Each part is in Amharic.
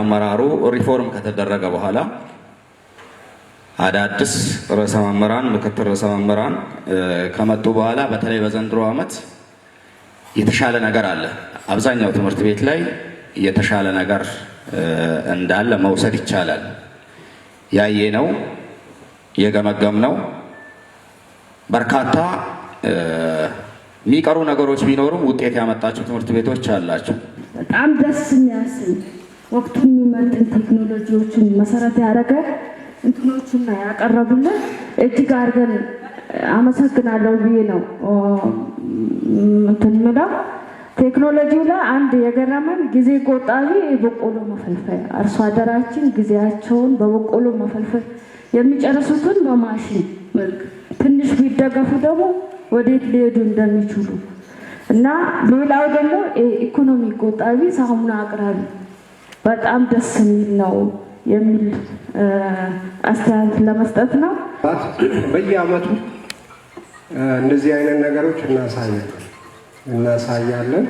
አመራሩ ሪፎርም ከተደረገ በኋላ አዳዲስ ርዕሰ መምህራን፣ ምክትል ርዕሰ መምህራን ከመጡ በኋላ በተለይ በዘንድሮ ዓመት የተሻለ ነገር አለ። አብዛኛው ትምህርት ቤት ላይ የተሻለ ነገር እንዳለ መውሰድ ይቻላል። ያየ ነው የገመገም ነው። በርካታ የሚቀሩ ነገሮች ቢኖሩም ውጤት ያመጣቸው ትምህርት ቤቶች አላቸው። በጣም ደስ የሚያስብ ወቅቱን የሚመጥን ቴክኖሎጂዎችን መሰረት ያደረገ እንትኖችን ያቀረቡልን እጅግ አድርገን አመሰግናለሁ ብዬ ነው እንትን የምለው። ቴክኖሎጂው ላይ አንድ የገረመን ጊዜ ቆጣቢ የበቆሎ መፈልፈያ፣ አርሶ አደራችን ጊዜያቸውን በበቆሎ መፈልፈል የሚጨርሱትን በማሽን መልክ ትንሽ ቢደገፉ ደግሞ ወዴት ሊሄዱ እንደሚችሉ እና ሌላው ደግሞ ኢኮኖሚ ቆጣቢ ሳሙና አቅራቢ በጣም ደስ የሚል ነው የሚል አስተያየት ለመስጠት ነው። በየአመቱ እንደዚህ አይነት ነገሮች እናሳያለን እናሳያለን።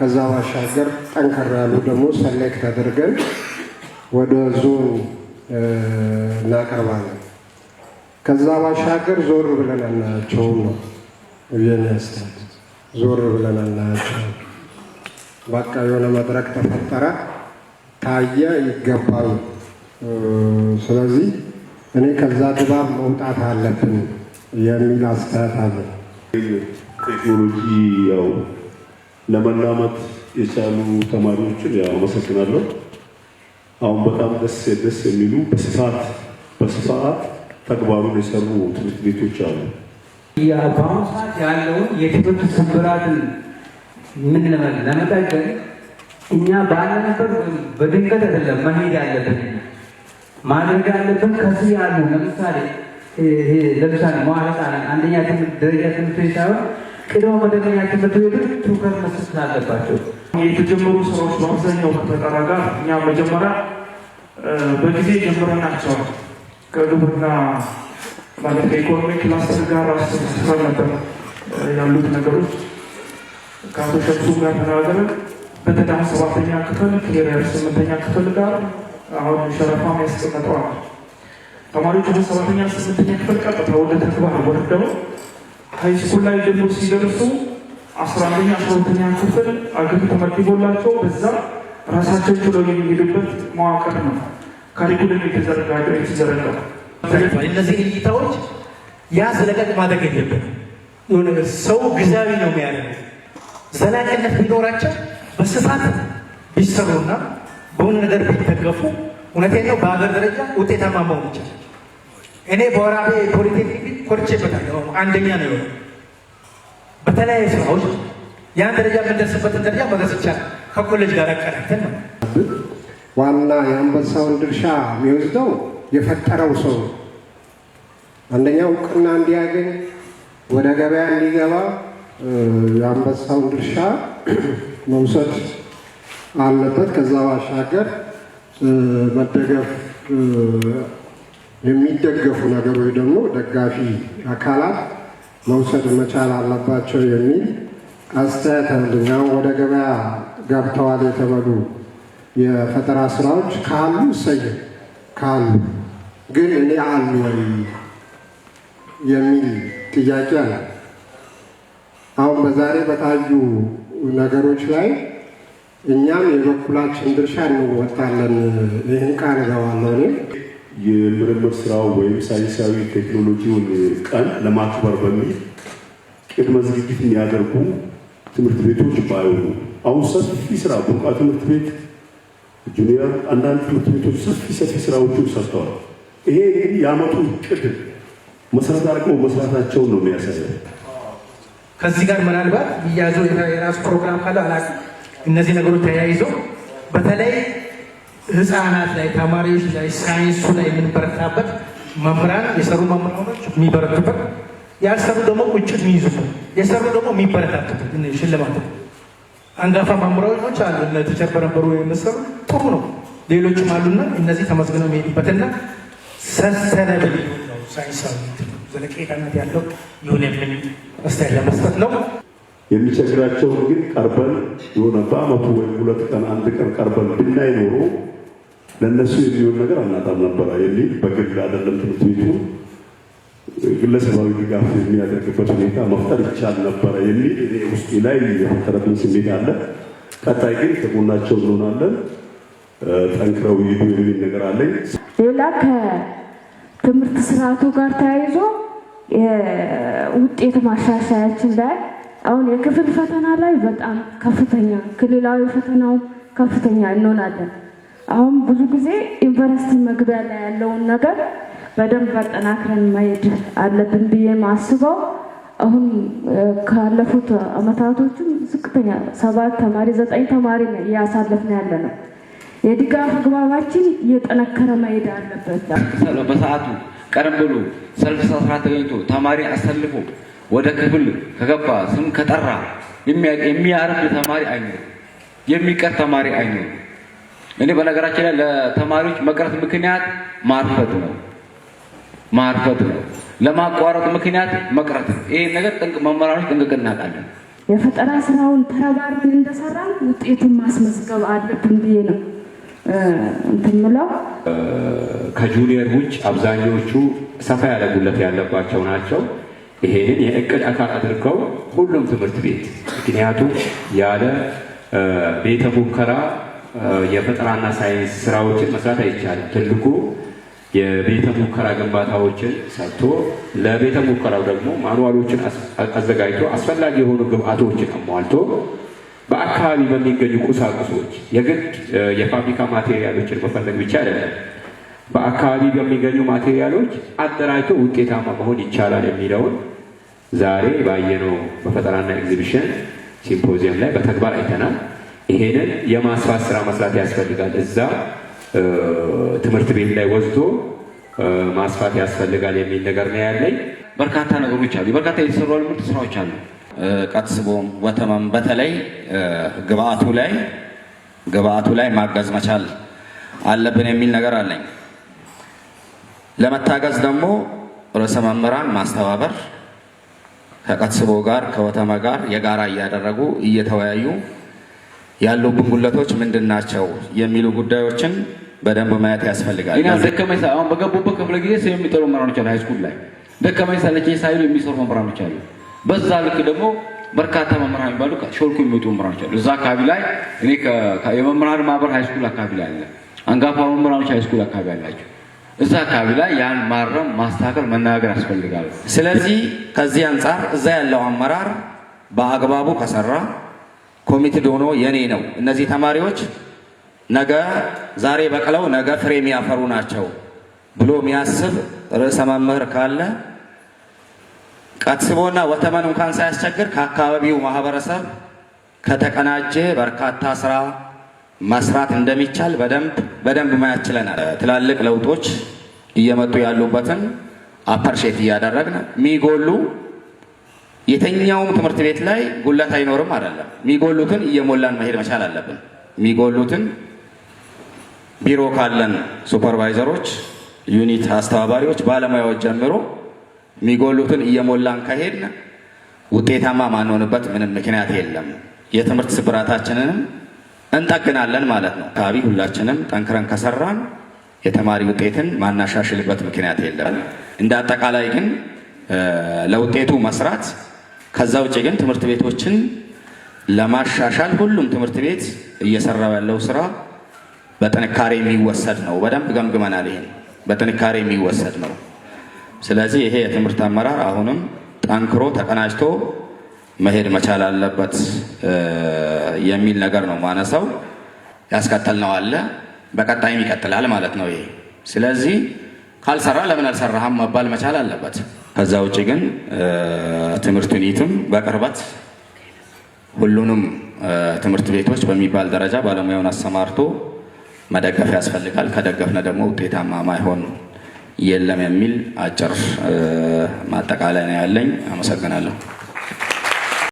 ከዛ ባሻገር ጠንከር ያሉ ደግሞ ሰሌክት አድርገን ወደ ዞን እናቀርባለን። ከዛ ባሻገር ዞር ብለን አናያቸውም ነው የሚያስተያየት ዞር ብለን አናያቸውም። በቃ የሆነ መድረክ ተፈጠረ። ታየ ይገባል። ስለዚህ እኔ ከዛ ድባብ መውጣት አለብን የሚል አስተያየት አለ። ቴክኖሎጂ ያው ለመላመት የቻሉ ተማሪዎችን አመሰግናለሁ። አሁን በጣም ደስ ደስ የሚሉ በስፋት በስፋት ተግባሩን የሰሩ ትምህርት ቤቶች አሉ። በአሁኑ ሰዓት ያለውን የትምህርት ስብራትን ምን ለመጠገን እኛ ባለንበት በድንገት አይደለም መሄድ ያለብን ማድረግ ያለብን ከዚህ ያሉ ለምሳሌ ለምሳሌ መዋህፃን አንደኛ ደረጃ ትምህርት ቤት ሳይሆን ቅድመ መደበኛ ትምህርት ቤቶች ትኩረት መስጠት ስላለባቸው የተጀመሩ ስራዎች በአብዛኛው ከፈጠራ ጋር እኛ መጀመሪያ በጊዜ ጀምረናቸው ከግብርና ማለት ከኢኮኖሚ ክላስተር ጋር አስተሳሰብ ነበር ያሉት ነገሮች ከአቶ ሸምሱ ጋር ተነጋገርን። በተዳሁ ሰባተኛ ክፍል ከሄደር ስምንተኛ ክፍል ጋር አሁን ሸረፋ ያስቀመጠዋል። ተማሪዎች ወደ ሰባተኛ ስምንተኛ ክፍል ቀጥታ ወደ ተግባር ወርደው ሀይስኩል ላይ ደግሞ ሲደርሱ አስራ አንደኛ አስራ ሁለተኛ ክፍል አገር ተመድቦላቸው በዛ ራሳቸው ችሎ የሚሄዱበት መዋቅር ነው ካሪኩለም የተዘረጋገ የተዘረጋው እነዚህ እይታዎች ያ ስለቀጥ ማድረግ የለበት ሰው ግዛቢ ነው የሚያደርገው ዘላቂነት ቢኖራቸው በስፋት ቢሰሩና በሆነ ነገር ቢደገፉ እውነቴን ነው በሀገር ደረጃ ውጤታማ መሆን ይቻላል። እኔ በወራቤ ፖሊቴክኒክ ኮርቼበታለሁ። አንደኛ ነው የሆነ በተለያዩ ስራዎች ያን ደረጃ የምንደርስበትን ደረጃ መድረስ ይቻላል። ከኮሌጅ ጋር አቀራተን ነው ዋና የአንበሳውን ድርሻ የሚወስደው የፈጠረው ሰው አንደኛው እውቅና እንዲያገኝ ወደ ገበያ እንዲገባ የአንበሳውን ድርሻ መውሰድ አለበት። ከዛ ባሻገር መደገፍ የሚደገፉ ነገሮች ደግሞ ደጋፊ አካላት መውሰድ መቻል አለባቸው የሚል አስተያየት አለኝ። አሁን ወደ ገበያ ገብተዋል የተባሉ የፈጠራ ስራዎች ካሉ ሰይ ካሉ ግን እኔ አሉ ወይ የሚል ጥያቄ አለ። አሁን በዛሬ በታዩ ነገሮች ላይ እኛም የበኩላችን ድርሻ እንወጣለን። ይህን ቃል እገባለሁ እኔ የምርምር ስራው ወይም ሳይንሳዊ ቴክኖሎጂውን ቀን ለማክበር በሚል ቅድመ ዝግጅት የሚያደርጉ ትምህርት ቤቶች ባይሆኑ አሁን ሰፊ ስራ ቡቃ ትምህርት ቤት፣ ጁኒየር አንዳንድ ትምህርት ቤቶች ሰፊ ሰፊ ስራዎችን ሰርተዋል። ይሄ የአመቱ እቅድ መሰረት አድርገው መስራታቸውን ነው የሚያሳየው። ከዚህ ጋር ምናልባት እያያዘው የራሱ ፕሮግራም ካለ አላ እነዚህ ነገሮች ተያይዘው በተለይ ህፃናት ላይ፣ ተማሪዎች ላይ፣ ሳይንሱ ላይ የምንበረታበት መምህራን የሰሩ መምህራኖች የሚበረቱበት ያልሰሩ ደግሞ ቁጭት የሚይዙበት የሰሩ ደግሞ የሚበረታቱበት ሽልማት አንጋፋ መምህራኖች አሉ። እነ ቲቸር በነበሩ ጥሩ ነው። ሌሎችም አሉና እነዚህ ተመዝግነው የሚሄዱበትና ሰሰለብል ሳይንሳዊ ዘለቄታነት ያለው ይሁን አስተያየት ለመስጠት ነው። የሚቸግራቸውን ግን ቀርበን የሆነ በአመቱ ወይም ሁለት ቀን አንድ ቀን ቀርበን ብናይ ኖሮ ለእነሱ የሚሆን ነገር አናጣም ነበረ የሚል በግል አይደለም ትምህርት ቤቱ ግለሰባዊ ድጋፍ የሚያደርግበት ሁኔታ መፍጠር ይቻል ነበረ የሚል እኔ ውስጤ ላይ የፈጠረብን ስሜት አለ። ቀጣይ ግን ከጎናቸው እንሆናለን። ጠንክረው ይሄዱ የሚል ነገር አለኝ ሌላ ትምህርት ስርዓቱ ጋር ተያይዞ ውጤት ማሻሻያችን ላይ አሁን የክፍል ፈተና ላይ በጣም ከፍተኛ ክልላዊ ፈተናው ከፍተኛ እንሆናለን። አሁን ብዙ ጊዜ ዩኒቨርሲቲ መግቢያ ላይ ያለውን ነገር በደንብ አጠናክረን መሄድ አለብን ብዬ ማስበው አሁን ካለፉት አመታቶችም ዝቅተኛ ሰባት ተማሪ ዘጠኝ ተማሪ እያሳለፍን ያለ ነው። የድጋፍ አግባባችን እየጠነከረ መሄድ አለበት። በሰዓቱ ቀደም ብሎ ሰልፍ ስራ ተገኝቶ ተማሪ አሰልፎ ወደ ክፍል ከገባ ስም ከጠራ የሚያርፍ ተማሪ አይኖር፣ የሚቀር ተማሪ አይኖር። እኔ በነገራችን ላይ ለተማሪዎች መቅረት ምክንያት ማርፈት ነው ማርፈት ነው። ለማቋረጥ ምክንያት መቅረት ነው። ይሄን ነገር ጥንቅ መምህራኖች ጥንቅቅ እናውቃለን። የፈጠራ ስራውን ተረባርበን እንደሰራ ውጤቱን ማስመዝገብ አለብን ብዬ ነው እንትን ከጁኒየር ውጭ አብዛኞቹ ሰፋ ያለ ጉለት ያለባቸው ናቸው። ይሄንን የእቅድ አካል አድርገው ሁሉም ትምህርት ቤት ምክንያቱም ያለ ቤተ ሙከራ የፈጠራና ሳይንስ ስራዎችን መስራት አይቻልም። ትልቁ የቤተ ሙከራ ግንባታዎችን ሰጥቶ ለቤተ ሙከራው ደግሞ ማኑዋሎችን አዘጋጅቶ አስፈላጊ የሆኑ ግብአቶችን አሟልቶ በአካባቢ በሚገኙ ቁሳቁሶች የግድ የፋብሪካ ማቴሪያሎችን መፈለግ ብቻ አይደለም። በአካባቢ በሚገኙ ማቴሪያሎች አደራጅቶ ውጤታማ መሆን ይቻላል የሚለውን ዛሬ ባየነው በፈጠራና ኤግዚቢሽን ሲምፖዚየም ላይ በተግባር አይተናል። ይሄንን የማስፋት ስራ መስራት ያስፈልጋል። እዛ ትምህርት ቤት ላይ ወስዶ ማስፋት ያስፈልጋል የሚል ነገር ነው ያለኝ። በርካታ ነገሮች አሉ። በርካታ የተሰሩ ምርጥ ስራዎች አሉ። ቀጥስቦም ወተመም በተለይ ግብአቱ ላይ ግብአቱ ላይ ማገዝ መቻል አለብን የሚል ነገር አለኝ። ለመታገዝ ደግሞ ርዕሰ መምህራን ማስተባበር ከቀጥስቦ ጋር ከወተመ ጋር የጋራ እያደረጉ እየተወያዩ ያሉብን ጉለቶች ምንድን ናቸው የሚሉ ጉዳዮችን በደንብ ማየት ያስፈልጋል። እና ደከመኝ አሁን በገቡበት ክፍለ ጊዜ ሰው የሚጠሩ መምህራኖች አሉ። ሃይስኩል ላይ ደከመኝ ሰለቸኝ ሳይሉ የሚሰሩ መምህራኖች አሉ። በዛ ልክ ደግሞ በርካታ መምህራን የሚባሉ ሾልኮ የሚወጡ መምህራኖች አሉ። እዛ አካባቢ ላይ እኔ የመምህራን ማህበር ሃይስኩል አካባቢ ላይ አለ። አንጋፋ መምህራኖች ሃይስኩል አካባቢ አላቸው። እዛ አካባቢ ላይ ያን ማረም፣ ማስተካከል፣ መናገር ያስፈልጋል። ስለዚህ ከዚህ አንጻር እዛ ያለው አመራር በአግባቡ ከሰራ ኮሚትድ ሆኖ የኔ ነው እነዚህ ተማሪዎች ነገ ዛሬ በቅለው ነገ ፍሬ የሚያፈሩ ናቸው ብሎ የሚያስብ ርዕሰ መምህር ካለ ቀትስቦና ወተመን እንኳን ሳያስቸግር ከአካባቢው ማህበረሰብ ከተቀናጀ በርካታ ስራ መስራት እንደሚቻል በደንብ በደንብ ማየት ችለናል። ትላልቅ ለውጦች እየመጡ ያሉበትን አፐርሼት እያደረግን ሚጎሉ የተኛውም ትምህርት ቤት ላይ ጉለት አይኖርም አይደለም። ሚጎሉትን እየሞላን መሄድ መቻል አለብን። ሚጎሉትን ቢሮ ካለን ሱፐርቫይዘሮች፣ ዩኒት አስተባባሪዎች፣ ባለሙያዎች ጀምሮ የሚጎሉትን እየሞላን ከሄድን ውጤታማ ማንሆንበት ምንም ምክንያት የለም። የትምህርት ስብራታችንንም እንጠግናለን ማለት ነው። አካባቢ ሁላችንም ጠንክረን ከሰራን የተማሪ ውጤትን ማናሻሽልበት ምክንያት የለም። እንደ አጠቃላይ ግን ለውጤቱ መስራት፣ ከዛ ውጭ ግን ትምህርት ቤቶችን ለማሻሻል ሁሉም ትምህርት ቤት እየሰራ ያለው ስራ በጥንካሬ የሚወሰድ ነው። በደንብ ገምግመናል። ይሄን በጥንካሬ የሚወሰድ ነው። ስለዚህ ይሄ የትምህርት አመራር አሁንም ጠንክሮ ተቀናጅቶ መሄድ መቻል አለበት የሚል ነገር ነው ማነሳው። ነው አለ በቀጣይም ይቀጥላል ማለት ነው ይሄ። ስለዚህ ካልሰራ ለምን አልሰራህም መባል መቻል አለበት። ከዛ ውጭ ግን ትምህርት ዩኒትም በቅርበት ሁሉንም ትምህርት ቤቶች በሚባል ደረጃ ባለሙያውን አሰማርቶ መደገፍ ያስፈልጋል። ከደገፍነ ደግሞ ውጤታማ ማይሆን የለም የሚል አጭር ማጠቃለያ ነው ያለኝ። አመሰግናለሁ።